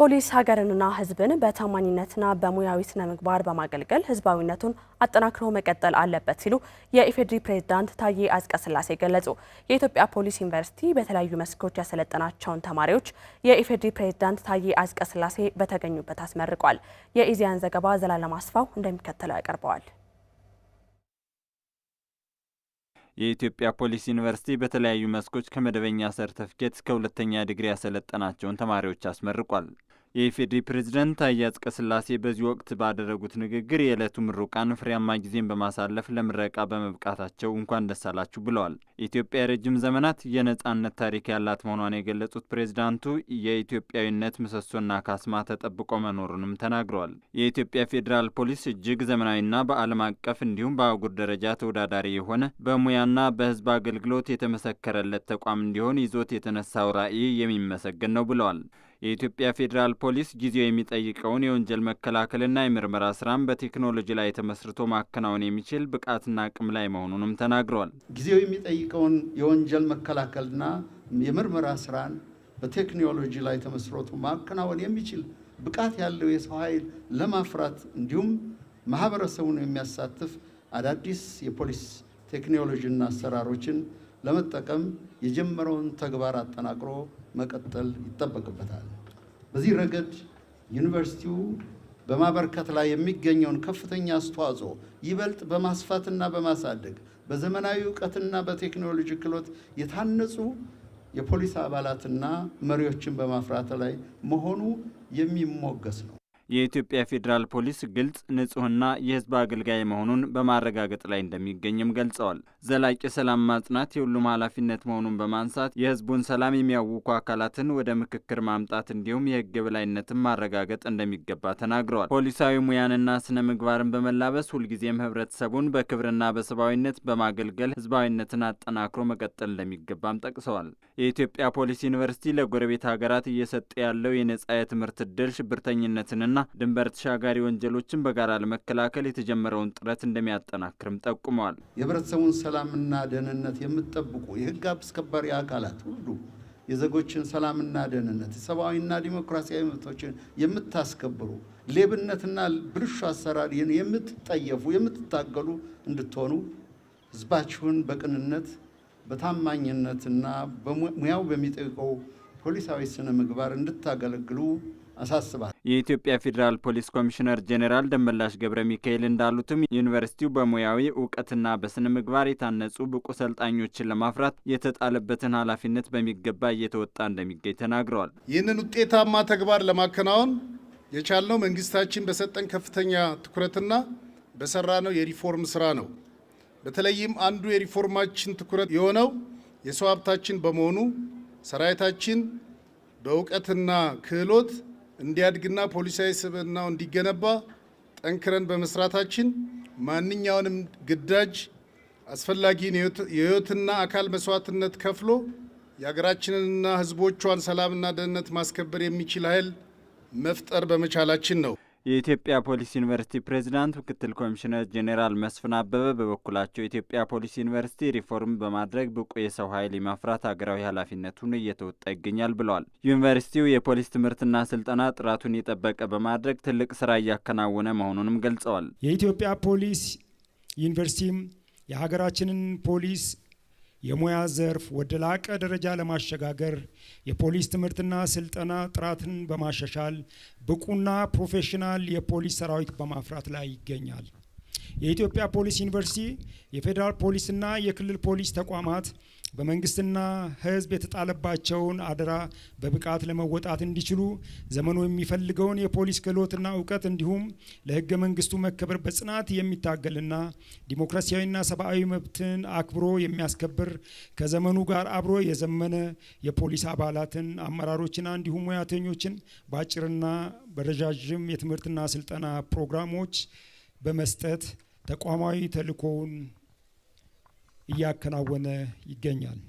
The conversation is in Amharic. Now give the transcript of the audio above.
ፖሊስ ሀገርንና ህዝብን በታማኝነትና በሙያዊ ስነ ምግባር በማገልገል ህዝባዊነቱን አጠናክሮ መቀጠል አለበት ሲሉ የኢፌዴሪ ፕሬዝዳንት ታዬ አጽቀሥላሴ ገለጹ። የኢትዮጵያ ፖሊስ ዩኒቨርሲቲ በተለያዩ መስኮች ያሰለጠናቸውን ተማሪዎች የኢፌዴሪ ፕሬዝዳንት ታዬ አጽቀሥላሴ በተገኙበት አስመርቋል። የኢዚያን ዘገባ ዘላለም አስፋው እንደሚከተለው ያቀርበዋል። የኢትዮጵያ ፖሊስ ዩኒቨርሲቲ በተለያዩ መስኮች ከመደበኛ ሰርተፍኬት እስከ ሁለተኛ ዲግሪ ያሰለጠናቸውን ተማሪዎች አስመርቋል። የኢፌዴሪ ፕሬዝደንት አያጽቀ ስላሴ በዚህ ወቅት ባደረጉት ንግግር የዕለቱ ምሩቃን ፍሬያማ ጊዜን በማሳለፍ ለምረቃ በመብቃታቸው እንኳን ደስ አላችሁ ብለዋል። ኢትዮጵያ የረጅም ዘመናት የነጻነት ታሪክ ያላት መሆኗን የገለጹት ፕሬዝዳንቱ የኢትዮጵያዊነት ምሰሶና ካስማ ተጠብቆ መኖሩንም ተናግረዋል። የኢትዮጵያ ፌዴራል ፖሊስ እጅግ ዘመናዊና በዓለም አቀፍ እንዲሁም በአህጉር ደረጃ ተወዳዳሪ የሆነ በሙያና በህዝብ አገልግሎት የተመሰከረለት ተቋም እንዲሆን ይዞት የተነሳው ራዕይ የሚመሰገን ነው ብለዋል። የኢትዮጵያ ፌዴራል ፖሊስ ጊዜው የሚጠይቀውን የወንጀል መከላከልና የምርመራ ስራም በቴክኖሎጂ ላይ ተመስርቶ ማከናወን የሚችል ብቃትና አቅም ላይ መሆኑንም ተናግረዋል። ጊዜው የሚጠይቀውን የወንጀል መከላከልና የምርመራ ስራን በቴክኖሎጂ ላይ ተመስርቶ ማከናወን የሚችል ብቃት ያለው የሰው ኃይል ለማፍራት እንዲሁም ማህበረሰቡን የሚያሳትፍ አዳዲስ የፖሊስ ቴክኖሎጂና አሰራሮችን ለመጠቀም የጀመረውን ተግባር አጠናክሮ መቀጠል ይጠበቅበታል። በዚህ ረገድ ዩኒቨርሲቲው በማበርከት ላይ የሚገኘውን ከፍተኛ አስተዋጽኦ ይበልጥ በማስፋትና በማሳደግ በዘመናዊ እውቀትና በቴክኖሎጂ ክህሎት የታነጹ የፖሊስ አባላትና መሪዎችን በማፍራት ላይ መሆኑ የሚሞገስ ነው። የኢትዮጵያ ፌዴራል ፖሊስ ግልጽ፣ ንጹህና የህዝብ አገልጋይ መሆኑን በማረጋገጥ ላይ እንደሚገኝም ገልጸዋል። ዘላቂ ሰላም ማጽናት የሁሉም ኃላፊነት መሆኑን በማንሳት የህዝቡን ሰላም የሚያውኩ አካላትን ወደ ምክክር ማምጣት እንዲሁም የህግ የበላይነትን ማረጋገጥ እንደሚገባ ተናግረዋል። ፖሊሳዊ ሙያንና ስነ ምግባርን በመላበስ ሁልጊዜም ህብረተሰቡን በክብርና በሰብአዊነት በማገልገል ህዝባዊነትን አጠናክሮ መቀጠል እንደሚገባም ጠቅሰዋል። የኢትዮጵያ ፖሊስ ዩኒቨርሲቲ ለጎረቤት ሀገራት እየሰጠ ያለው የነጻ የትምህርት እድል ሽብርተኝነትንና ማስቆምና ድንበር ተሻጋሪ ወንጀሎችን በጋራ ለመከላከል የተጀመረውን ጥረት እንደሚያጠናክርም ጠቁመዋል። የህብረተሰቡን ሰላምና ደህንነት የምትጠብቁ የህግ አስከባሪ አካላት ሁሉ የዜጎችን ሰላምና ደህንነት ሰብአዊና ዲሞክራሲያዊ መብቶችን የምታስከብሩ ሌብነትና ብልሹ አሰራር የምትጠየፉ የምትታገሉ እንድትሆኑ ህዝባችሁን በቅንነት በታማኝነትና ሙያው በሚጠይቀው ፖሊሳዊ ስነ ምግባር እንድታገለግሉ አሳስባል። የኢትዮጵያ ፌዴራል ፖሊስ ኮሚሽነር ጄኔራል ደመላሽ ገብረ ሚካኤል እንዳሉትም ዩኒቨርሲቲው በሙያዊ እውቀትና በስነ ምግባር የታነጹ ብቁ ሰልጣኞችን ለማፍራት የተጣለበትን ኃላፊነት በሚገባ እየተወጣ እንደሚገኝ ተናግረዋል። ይህንን ውጤታማ ተግባር ለማከናወን የቻልነው መንግስታችን በሰጠን ከፍተኛ ትኩረትና በሰራነው የሪፎርም ስራ ነው። በተለይም አንዱ የሪፎርማችን ትኩረት የሆነው የሰው ሀብታችን በመሆኑ ሰራዊታችን በእውቀትና ክህሎት እንዲያድግና ፖሊሳዊ ስብዕናው እንዲገነባ ጠንክረን በመስራታችን ማንኛውንም ግዳጅ አስፈላጊን የህይወትና አካል መስዋዕትነት ከፍሎ የሀገራችንንና ህዝቦቿን ሰላምና ደህንነት ማስከበር የሚችል ኃይል መፍጠር በመቻላችን ነው። የኢትዮጵያ ፖሊስ ዩኒቨርሲቲ ፕሬዚዳንት ምክትል ኮሚሽነር ጄኔራል መስፍን አበበ በበኩላቸው የኢትዮጵያ ፖሊስ ዩኒቨርሲቲ ሪፎርም በማድረግ ብቁ የሰው ኃይል የማፍራት ሀገራዊ ኃላፊነቱን እየተወጣ ይገኛል ብለዋል። ዩኒቨርሲቲው የፖሊስ ትምህርትና ስልጠና ጥራቱን የጠበቀ በማድረግ ትልቅ ስራ እያከናወነ መሆኑንም ገልጸዋል። የኢትዮጵያ ፖሊስ ዩኒቨርሲቲም የሀገራችንን ፖሊስ የሙያ ዘርፍ ወደ ላቀ ደረጃ ለማሸጋገር የፖሊስ ትምህርትና ስልጠና ጥራትን በማሻሻል ብቁና ፕሮፌሽናል የፖሊስ ሰራዊት በማፍራት ላይ ይገኛል። የኢትዮጵያ ፖሊስ ዩኒቨርሲቲ የፌዴራል ፖሊስና የክልል ፖሊስ ተቋማት በመንግስትና ሕዝብ የተጣለባቸውን አደራ በብቃት ለመወጣት እንዲችሉ ዘመኑ የሚፈልገውን የፖሊስ ክህሎትና እውቀት እንዲሁም ለሕገ መንግስቱ መከበር በጽናት የሚታገልና ዲሞክራሲያዊና ሰብአዊ መብትን አክብሮ የሚያስከብር ከዘመኑ ጋር አብሮ የዘመነ የፖሊስ አባላትን አመራሮችና እንዲሁም ሙያተኞችን በአጭርና በረዣዥም የትምህርትና ስልጠና ፕሮግራሞች በመስጠት ተቋማዊ ተልእኮውን እያከናወነ ይገኛል።